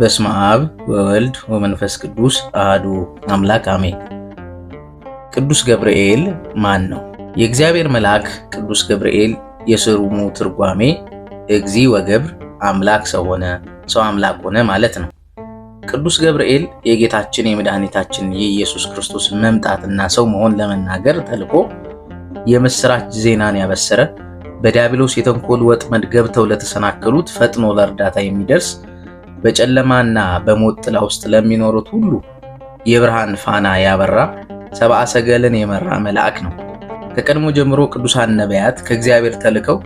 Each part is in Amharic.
በስመ አብ ወወልድ ወመንፈስ ቅዱስ አህዱ አምላክ አሜን። ቅዱስ ገብርኤል ማን ነው? የእግዚአብሔር መልአክ ቅዱስ ገብርኤል የስሩሙ ትርጓሜ እግዚ ወገብር አምላክ ሰው ሆነ፣ ሰው አምላክ ሆነ ማለት ነው። ቅዱስ ገብርኤል የጌታችን የመድኃኒታችን የኢየሱስ ክርስቶስ መምጣትና ሰው መሆን ለመናገር ተልኮ የምስራች ዜናን ያበሰረ፣ በዲያብሎስ የተንኮል ወጥመድ ገብተው ለተሰናከሉት ፈጥኖ ለእርዳታ የሚደርስ በጨለማና በሞት ጥላ ውስጥ ለሚኖሩት ሁሉ የብርሃን ፋና ያበራ ሰብአ ሰገልን የመራ መልአክ ነው። ከቀድሞ ጀምሮ ቅዱሳን ነቢያት ከእግዚአብሔር ተልከው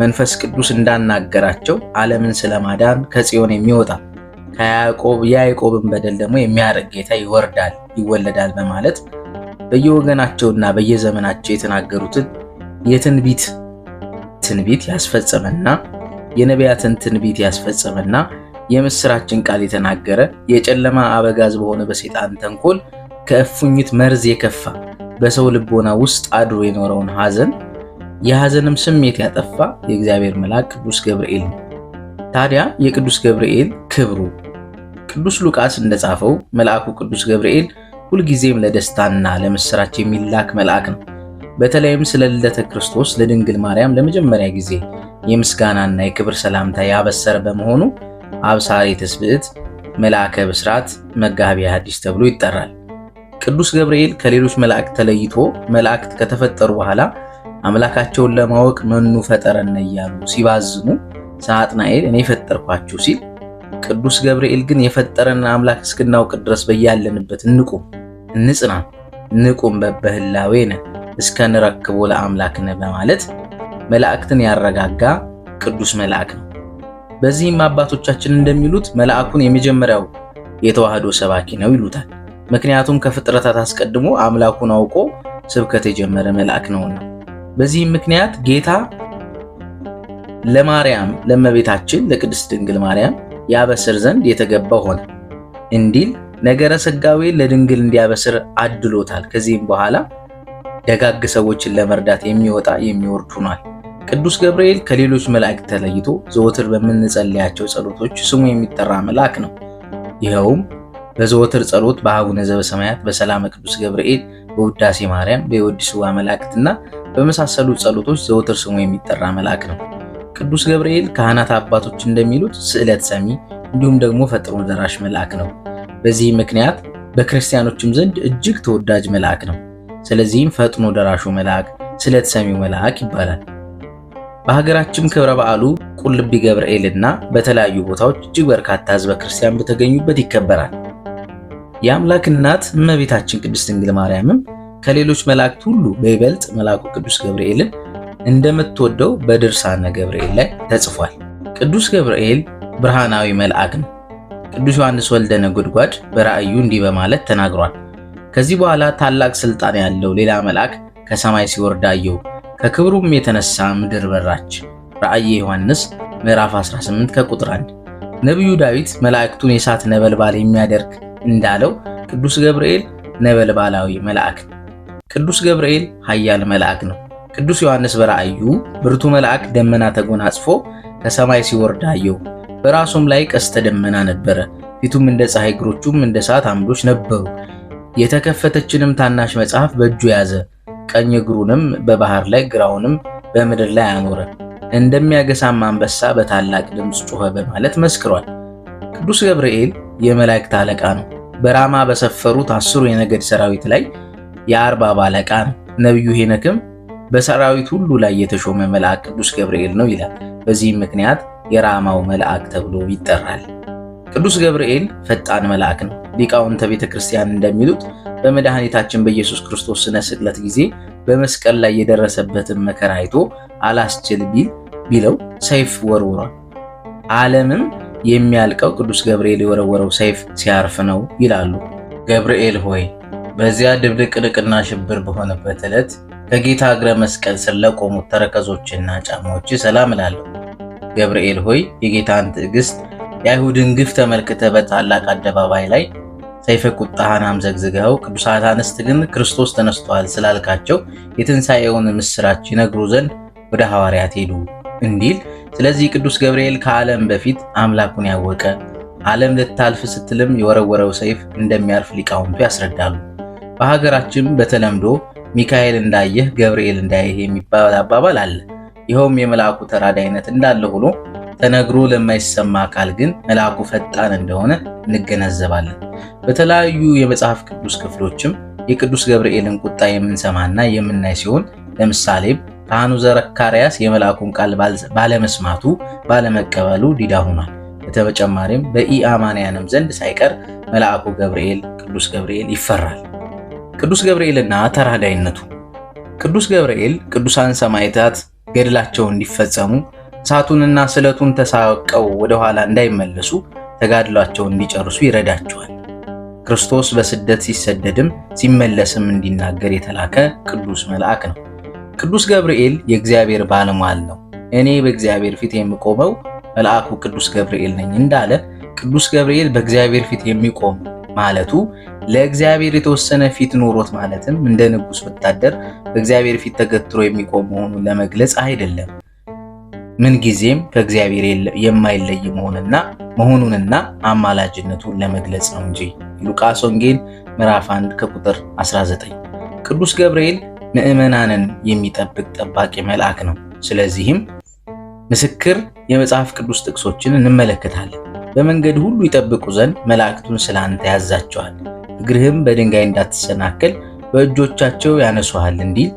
መንፈስ ቅዱስ እንዳናገራቸው ዓለምን ስለማዳን ከጽዮን የሚወጣ ከያዕቆብ የያዕቆብን በደል ደግሞ የሚያደርግ ጌታ ይወርዳል ይወለዳል በማለት በየወገናቸውና በየዘመናቸው የተናገሩትን የትንቢት ትንቢት ያስፈጸመና የነቢያትን ትንቢት ያስፈጸመና የምስራችን ቃል የተናገረ የጨለማ አበጋዝ በሆነ በሴጣን ተንኮል ከእፉኝት መርዝ የከፋ በሰው ልቦና ውስጥ አድሮ የኖረውን ሐዘን የሐዘንም ስሜት ያጠፋ የእግዚአብሔር መልአክ ቅዱስ ገብርኤል ነው። ታዲያ የቅዱስ ገብርኤል ክብሩ ቅዱስ ሉቃስ እንደጻፈው መልአኩ ቅዱስ ገብርኤል ሁልጊዜም ለደስታና ለምስራች የሚላክ መልአክ ነው። በተለይም ስለ ልደተ ክርስቶስ ለድንግል ማርያም ለመጀመሪያ ጊዜ የምስጋናና የክብር ሰላምታ ያበሰረ በመሆኑ አብሳሪ ትስብዕት፣ መልአከ ብስራት፣ መጋቤ ሐዲስ ተብሎ ይጠራል። ቅዱስ ገብርኤል ከሌሎች መላእክት ተለይቶ መላእክት ከተፈጠሩ በኋላ አምላካቸውን ለማወቅ መኑ ፈጠረነ እያሉ ሲባዝኑ ሳጥናኤል እኔ ፈጠርኳችሁ ሲል፣ ቅዱስ ገብርኤል ግን የፈጠረን አምላክ እስክናውቅ ድረስ በያለንበት እንቁም፣ እንጽና፣ ንቁም በበህላዌነ እስከ ንረክቦ ለአምላክነ በማለት መላእክትን ያረጋጋ ቅዱስ መልአክ ነው። በዚህም አባቶቻችን እንደሚሉት መልአኩን የመጀመሪያው የተዋህዶ ሰባኪ ነው ይሉታል። ምክንያቱም ከፍጥረታት አስቀድሞ አምላኩን አውቆ ስብከት የጀመረ መልአክ ነውና። በዚህም ምክንያት ጌታ ለማርያም ለመቤታችን ለቅድስት ድንግል ማርያም ያበስር ዘንድ የተገባ ሆነ እንዲል ነገረ ስጋዌ ለድንግል እንዲያበስር አድሎታል። ከዚህም በኋላ ደጋግ ሰዎችን ለመርዳት የሚወጣ የሚወርድ ሆኗል። ቅዱስ ገብርኤል ከሌሎች መላእክት ተለይቶ ዘወትር በምንጸልያቸው ጸሎቶች ስሙ የሚጠራ መልአክ ነው። ይኸውም በዘወትር ጸሎት በአቡነ ዘበሰማያት በሰላመ ቅዱስ ገብርኤል በውዳሴ ማርያም በየወዲስዋ መላእክትና በመሳሰሉት ጸሎቶች ዘወትር ስሙ የሚጠራ መልአክ ነው። ቅዱስ ገብርኤል ካህናት አባቶች እንደሚሉት ስዕለት ሰሚ እንዲሁም ደግሞ ፈጥኖ ደራሽ መልአክ ነው። በዚህ ምክንያት በክርስቲያኖችም ዘንድ እጅግ ተወዳጅ መልአክ ነው። ስለዚህም ፈጥኖ ደራሹ መልአክ፣ ስዕለት ሰሚው መልአክ ይባላል። በሀገራችን ክብረ በዓሉ ቁልቢ ገብርኤልና በተለያዩ ቦታዎች እጅግ በርካታ ህዝበ ክርስቲያን በተገኙበት ይከበራል። የአምላክ እናት እመቤታችን ቅድስት ድንግል ማርያምም ከሌሎች መላእክት ሁሉ በይበልጥ መልአኩ ቅዱስ ገብርኤልን እንደምትወደው በድርሳነ ገብርኤል ላይ ተጽፏል። ቅዱስ ገብርኤል ብርሃናዊ መልአክ ነው። ቅዱስ ዮሐንስ ወልደ ነጎድጓድ በራእዩ እንዲህ በማለት ተናግሯል። ከዚህ በኋላ ታላቅ ስልጣን ያለው ሌላ መልአክ ከሰማይ ሲወርድ አየሁ። ከክብሩም የተነሳ ምድር በራች። ራእየ ዮሐንስ ምዕራፍ 18 ከቁጥር 1። ነቢዩ ዳዊት መላእክቱን የእሳት ነበልባል የሚያደርግ እንዳለው ቅዱስ ገብርኤል ነበልባላዊ መልአክ ቅዱስ ገብርኤል ኃያል መልአክ ነው። ቅዱስ ዮሐንስ በራእዩ ብርቱ መልአክ ደመና ተጎናጽፎ ከሰማይ ሲወርድ አየው። በራሱም ላይ ቀስተ ደመና ነበረ። ፊቱም እንደ ፀሐይ፣ እግሮቹም እንደ እሳት አምዶች ነበሩ። የተከፈተችንም ታናሽ መጽሐፍ በእጁ ያዘ። ቀኝ እግሩንም በባህር ላይ ግራውንም በምድር ላይ አኖረ፣ እንደሚያገሳም አንበሳ በታላቅ ድምፅ ጮኸ በማለት መስክሯል። ቅዱስ ገብርኤል የመላእክት አለቃ ነው። በራማ በሰፈሩት አስሩ የነገድ ሰራዊት ላይ የአርባብ አለቃ ነው። ነቢዩ ሄነክም በሰራዊት ሁሉ ላይ የተሾመ መልአክ ቅዱስ ገብርኤል ነው ይላል። በዚህም ምክንያት የራማው መልአክ ተብሎ ይጠራል። ቅዱስ ገብርኤል ፈጣን መልአክ ነው። ሊቃውንተ ቤተ ክርስቲያን እንደሚሉት በመድኃኒታችን በኢየሱስ ክርስቶስ ስነ ስቅለት ጊዜ በመስቀል ላይ የደረሰበትን መከራ አይቶ አላስችል ቢል ቢለው ሰይፍ ወርውሯል። ዓለምም የሚያልቀው ቅዱስ ገብርኤል የወረወረው ሰይፍ ሲያርፍ ነው ይላሉ። ገብርኤል ሆይ በዚያ ድብልቅልቅና ሽብር በሆነበት ዕለት ከጌታ እግረ መስቀል ስር ለቆሙት ተረከዞችና ጫማዎች ሰላም እላለሁ። ገብርኤል ሆይ የጌታን ትዕግስት የአይሁድን ግፍ ተመልክተ በታላቅ አደባባይ ላይ ሰይፈ ቁጣህን አምዘግዝገኸው ቅዱሳት አንስት ግን ክርስቶስ ተነስቷል ስላልካቸው የትንሣኤውን ምስራች ይነግሩ ዘንድ ወደ ሐዋርያት ሄዱ እንዲል። ስለዚህ ቅዱስ ገብርኤል ከዓለም በፊት አምላኩን ያወቀ ዓለም ልታልፍ ስትልም የወረወረው ሰይፍ እንደሚያርፍ ሊቃውንቱ ያስረዳሉ። በሀገራችን በተለምዶ ሚካኤል እንዳየህ ገብርኤል እንዳይህ የሚባል አባባል አለ። ይኸውም የመልአኩ ተራዳይነት እንዳለ ሆኖ ተነግሮ ለማይሰማ አካል ግን መልአኩ ፈጣን እንደሆነ እንገነዘባለን። በተለያዩ የመጽሐፍ ቅዱስ ክፍሎችም የቅዱስ ገብርኤልን ቁጣ የምንሰማና የምናይ ሲሆን ለምሳሌም ካህኑ ዘካርያስ የመልአኩን ቃል ባለመስማቱ ባለመቀበሉ ዲዳ ሆኗል። በተጨማሪም በኢአማንያንም ዘንድ ሳይቀር መልአኩ ገብርኤል ቅዱስ ገብርኤል ይፈራል። ቅዱስ ገብርኤልና ተራዳይነቱ ቅዱስ ገብርኤል ቅዱሳን ሰማዕታት ገድላቸው እንዲፈጸሙ እሳቱንና ስለቱን ተሳቀው ወደኋላ እንዳይመለሱ ተጋድሏቸው እንዲጨርሱ ይረዳቸዋል። ክርስቶስ በስደት ሲሰደድም ሲመለስም እንዲናገር የተላከ ቅዱስ መልአክ ነው። ቅዱስ ገብርኤል የእግዚአብሔር ባለሟል ነው። እኔ በእግዚአብሔር ፊት የምቆመው መልአኩ ቅዱስ ገብርኤል ነኝ እንዳለ ቅዱስ ገብርኤል በእግዚአብሔር ፊት የሚቆም ማለቱ ለእግዚአብሔር የተወሰነ ፊት ኖሮት ማለትም እንደ ንጉሥ ወታደር በእግዚአብሔር ፊት ተገትሮ የሚቆም መሆኑን ለመግለጽ አይደለም። ምንጊዜም ከእግዚአብሔር የማይለይ መሆንና መሆኑንና አማላጅነቱን ለመግለጽ ነው እንጂ ሉቃስ ወንጌል ምዕራፍ 1 ከቁጥር 19። ቅዱስ ገብርኤል ምዕመናንን የሚጠብቅ ጠባቂ መልአክ ነው። ስለዚህም ምስክር የመጽሐፍ ቅዱስ ጥቅሶችን እንመለከታለን። በመንገድ ሁሉ ይጠብቁ ዘንድ መላእክቱን ስለ አንተ ያዛቸዋል፣ እግርህም በድንጋይ እንዳትሰናከል በእጆቻቸው ያነሱሃል እንዲል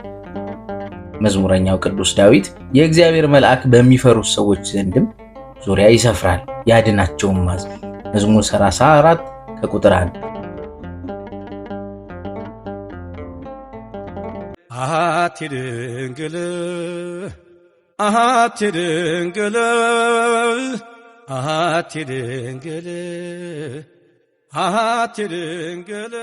መዝሙረኛው ቅዱስ ዳዊት የእግዚአብሔር መልአክ በሚፈሩት ሰዎች ዘንድም ዙሪያ ይሰፍራል ያድናቸውም ማዝ መዝሙር 34 ከቁጥር 1 አሐቲ ድንግል አሐቲ ድንግል